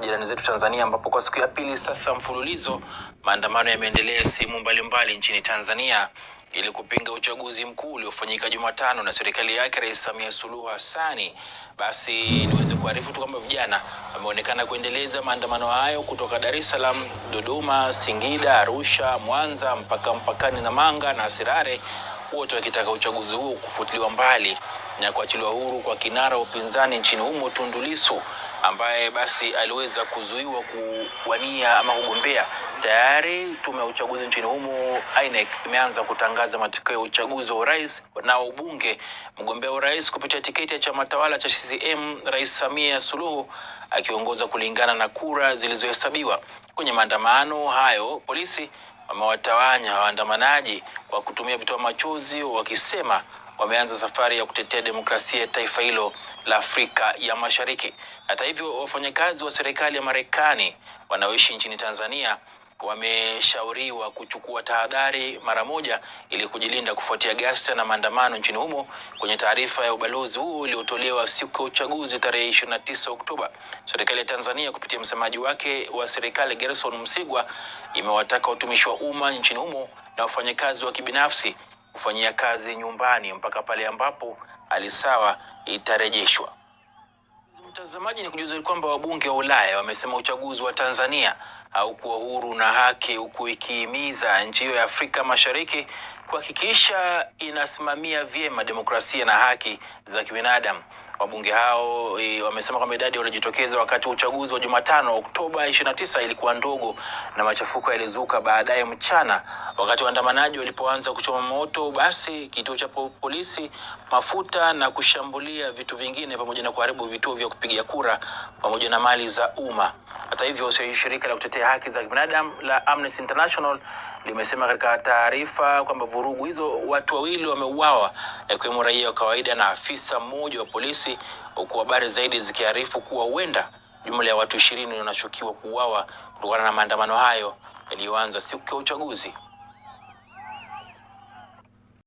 jirani zetu Tanzania, ambapo kwa siku ya pili sasa mfululizo maandamano yameendelea sehemu mbalimbali nchini Tanzania ili kupinga uchaguzi mkuu uliofanyika Jumatano na serikali yake Rais Samia Suluhu Hassani. Basi niweze kuarifu tu kwamba vijana wameonekana kuendeleza maandamano hayo kutoka Dar es Salaam, Dodoma, Singida, Arusha, Mwanza mpaka mpakani na Manga na Sirare wote wakitaka uchaguzi huo kufutiliwa mbali na kuachiliwa huru kwa kinara upinzani nchini humo Tundu Lissu ambaye basi aliweza kuzuiwa kuwania ama kugombea. Tayari tume ya uchaguzi nchini humo INEC imeanza kutangaza matokeo ya uchaguzi wa urais na ubunge. Mgombea wa urais kupitia tiketi ya chama tawala cha CCM, Rais Samia Suluhu akiongoza kulingana na kura zilizohesabiwa. Kwenye maandamano hayo polisi wamewatawanya waandamanaji kwa kutumia vitoa machozi wakisema wameanza safari ya kutetea demokrasia ya taifa hilo la Afrika ya Mashariki. Hata hivyo, wafanyakazi wa serikali ya Marekani wanaoishi nchini Tanzania wameshauriwa kuchukua tahadhari mara moja ili kujilinda kufuatia ghasia na maandamano nchini humo. Kwenye taarifa ya ubalozi huu uliotolewa siku ya uchaguzi tarehe 29 Oktoba, serikali ya Tanzania kupitia msemaji wake wa serikali Gerson Msigwa imewataka watumishi wa umma nchini humo na wafanyakazi wa kibinafsi kufanyia kazi nyumbani mpaka pale ambapo hali sawa itarejeshwa. Mtazamaji, ni kujuza kwamba wabunge wa Ulaya wamesema uchaguzi wa Tanzania au kuwa huru na haki, huku ikihimiza nchi hiyo ya Afrika Mashariki kuhakikisha inasimamia vyema demokrasia na haki za kibinadamu. Wabunge hao e, wamesema kwamba idadi waliojitokeza wakati wa uchaguzi wa Jumatano Oktoba 29 ilikuwa ndogo na machafuko yalizuka baadaye mchana wakati waandamanaji walipoanza kuchoma moto basi, kituo cha polisi, mafuta na kushambulia vitu vingine pamoja na kuharibu vituo vya kupigia kura pamoja na mali za umma. Hata hivyo, shirika la kutetea haki za binadamu la Amnesty International limesema katika taarifa kwamba vurugu hizo watu wawili wameuawa, yakiwemo raia wa kawaida na afisa mmoja wa polisi polisi, huku habari zaidi zikiarifu kuwa huenda jumla ya watu ishirini wanashukiwa kuuawa kutokana na maandamano hayo yaliyoanza siku ya uchaguzi.